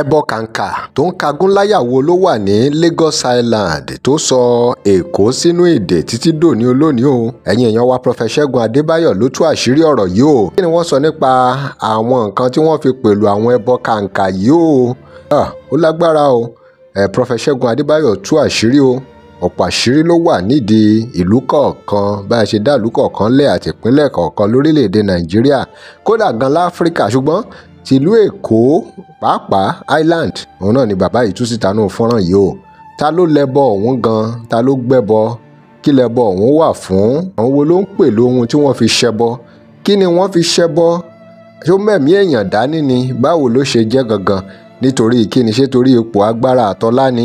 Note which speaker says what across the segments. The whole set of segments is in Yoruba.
Speaker 1: ẹbọ kàǹkà tó ń kagún láyàwó ló wà ní Lagos Island tó sọ Èkó sínú ìdè títí dòní olónìí o ẹ̀yin èèyàn wa Prophet Ṣẹ́gun Adébáyọ̀ ló tú àṣírí ọ̀rọ̀ yìí o kí ni wọ́n sọ nípa àwọn nǹkan tí wọ́n fi pẹ̀lú àwọn ẹbọ kàǹkà yìí o ó lágbára o Prophet Ṣẹ́gun Adébáyọ̀ tú àṣírí o ọ̀pọ̀ àṣírí ló wà nídìí ìlú kọ̀ọ̀kan bá a ṣe dá ìlú kọ̀ọ̀kan lẹ̀ àti ìpínlẹ̀ kọ̀ọ̀kan lórílẹ̀‐èdè Nàìjíríà kódà gan láfíríkà ṣùgbọ́n tìlú èkó pàápàá island òun náà ni bàbá yìí tú síta nù fọ́nrán yìí o ta ló lẹ́bọ ọ̀hún gan ta ló gbẹ́bọ kí lẹ́bọ ọ̀hún wà fún àwọn wo ló ń pèlú ohun tí wọ́n fi ṣẹbọ kí ni wọ́n fi ṣẹbọ tó mẹ̀mí èèyàn dání ni báwo ló ṣe jẹ́ gangan nítorí kíni ṣé torí ipò agbára àtọ́lá ni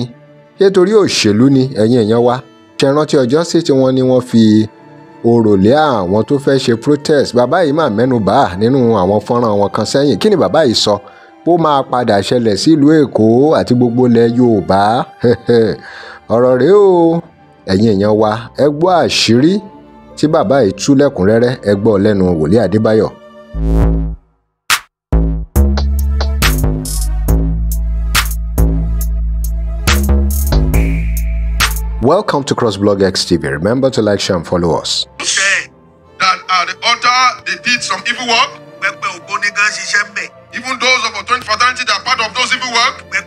Speaker 1: ṣé torí òṣèlú ni ẹ̀yin èèyàn wa ṣe ọjọ́ sí tí wọ́n ní wọ́n fi òròlé àwọn tó fẹ́ ṣe protest bàbá yìí máa mẹ́nu bà á nínú àwọn fọ́nrán wọn kan sẹ́yìn kí ni bàbá yìí sọ ó máa padà ṣẹlẹ̀ sílùú èkó àti gbogbo ilẹ̀ yorùbá ọ̀rọ̀ rèé o ẹ̀yin èèyàn wa ẹ gbọ́ àṣírí tí bàbá yìí tú lẹ́kùnrẹ́rẹ́ ẹ gbọ́ lẹ́nu wòlíì adébáyọ̀. Welcome to Crossblog XTV. Remember to like, share, and follow us. Say
Speaker 2: that uh, the altar they did some evil work. Even those of authority fraternity that are part of those evil work. Those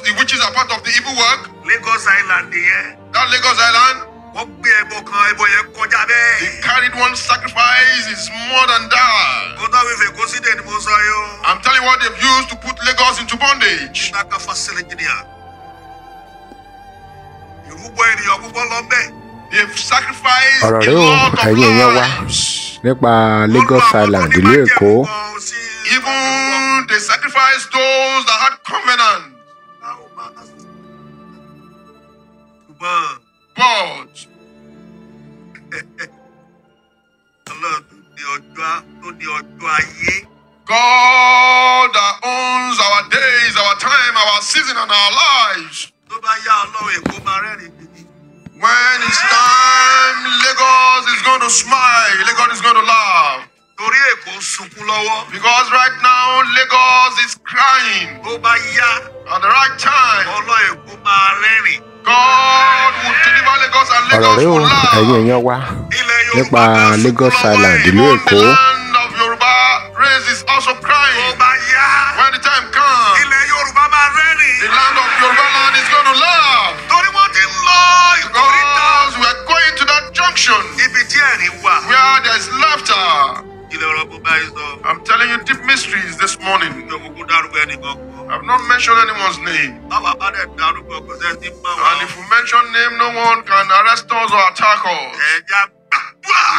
Speaker 2: the witches are part of the evil work. Lagos Island, yeah. That Lagos Island. They carried one sacrifice is more than that. I'm telling you what they've used to put Lagos into bondage. ìrúbọ ènìyàn púpọ̀ lọ bẹ́ẹ̀.
Speaker 1: ọ̀rọ̀ rẹ o ẹ̀yin èèyàn wa nípa Lagos Island ìlú Èkó.
Speaker 2: God that owns our days, our time, our season, and our lives. When it's time, Lagos is going to smile, Lagos is going to laugh. Because right now Lagos is crying.
Speaker 3: At
Speaker 2: the right time. God will
Speaker 1: deliver Lagos and Lagos will laugh. Ọ̀rọ̀ rẹ̀ o, ẹ̀yin èèyàn wa nípa Lagos Island ìlú Èkó.
Speaker 2: I'm telling you deep mysteries this morning. I've not mentioned anyone's name. And if we mention name, no one can arrest us or attack us. Eh,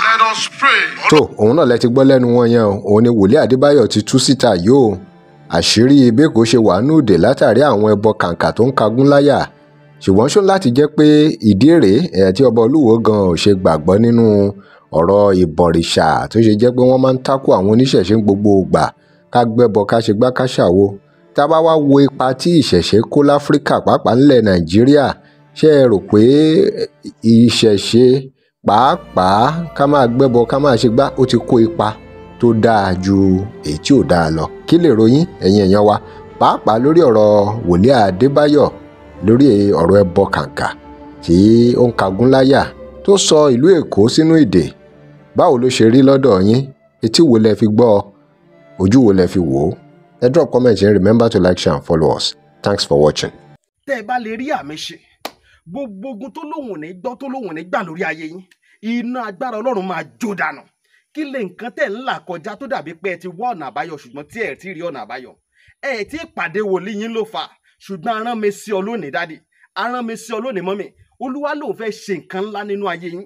Speaker 1: Let us pray. tó òun náà lẹ ti gbọ́ lẹ́nu wọn yẹn o òun ni wòlíì Adébáyọ̀ ti tú síta yìí o àṣírí ibèkó ṣe wà núdè látàrí àwọn ẹbọ kàǹkà tó ń kagún láyà ṣùgbọ́n ṣó láti jẹ́ pé ìdí rèé ẹ̀ tí ọba olúwo gan ò ṣe gbàgbọ́ nínú ọ̀rọ̀ ìbọ̀rìṣà tó ṣe jẹ́ pé wọ́n máa ń tákù àwọn oníṣẹ̀ṣe ń gbogbo ìgbà ká gbẹ́bọ ká ṣe gbá ká ṣàwo tá a bá wá wo ipa tí ìṣẹ̀ṣe kó láfíríkà pàápàá nílẹ̀ nàìjíríà ṣé ẹ rò pé ìṣẹ̀ṣe pàápàá ká máa gbẹ́bọ ká máa ṣe gbá ó ti kó ipa tó dáa ju èyí tí ò dáa lọ kí lè ròyìn ẹ̀yin èèyàn wa pàápàá lórí ọ̀rọ̀ wòlíì adébáyọ̀ lórí ọ̀rọ̀ ẹbọ kàǹkà tí ó ń kagún láyà tó sọ ìlú èkó sínú ìdè báwo ló ṣe rí lọ́dọ̀ yín etí wo lẹ fi gbọ́ ojú wo lẹ fi wò ó ẹ drop comment and remember to like share and follow us thanks for watching.
Speaker 3: tẹ́ ẹ bá lè rí àmì ṣe gbogbo ogun tó lóun ò ní gbọ́ tó lóun ò ní gbà lórí ayé yín iná agbára ọlọ́run máa jó dànù kí lè nǹkan tẹ̀ ń là kọjá tó dàbí pé ẹ ti wá ọ̀nà àbáyọ ṣùgbọ́n tí ẹ ti rí ọ̀nà àbáyọ ẹ ti pàdé wòlíì yín ló fà ṣùgbọ́n arán mi sí ọ lónìí dádì arán mi sí ọ lónìí mọ́mì olúwa lòun fẹ́ ṣe nǹkan ńlá nínú ayé yín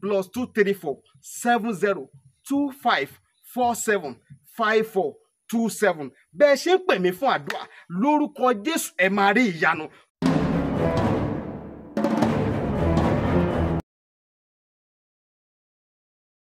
Speaker 3: plus two three four seven zero two five four seven five four two seven bẹ́ẹ̀ ṣe ń pè mí fún àdúrà lórúkọ Jésù ẹ̀ máa rí ìyanu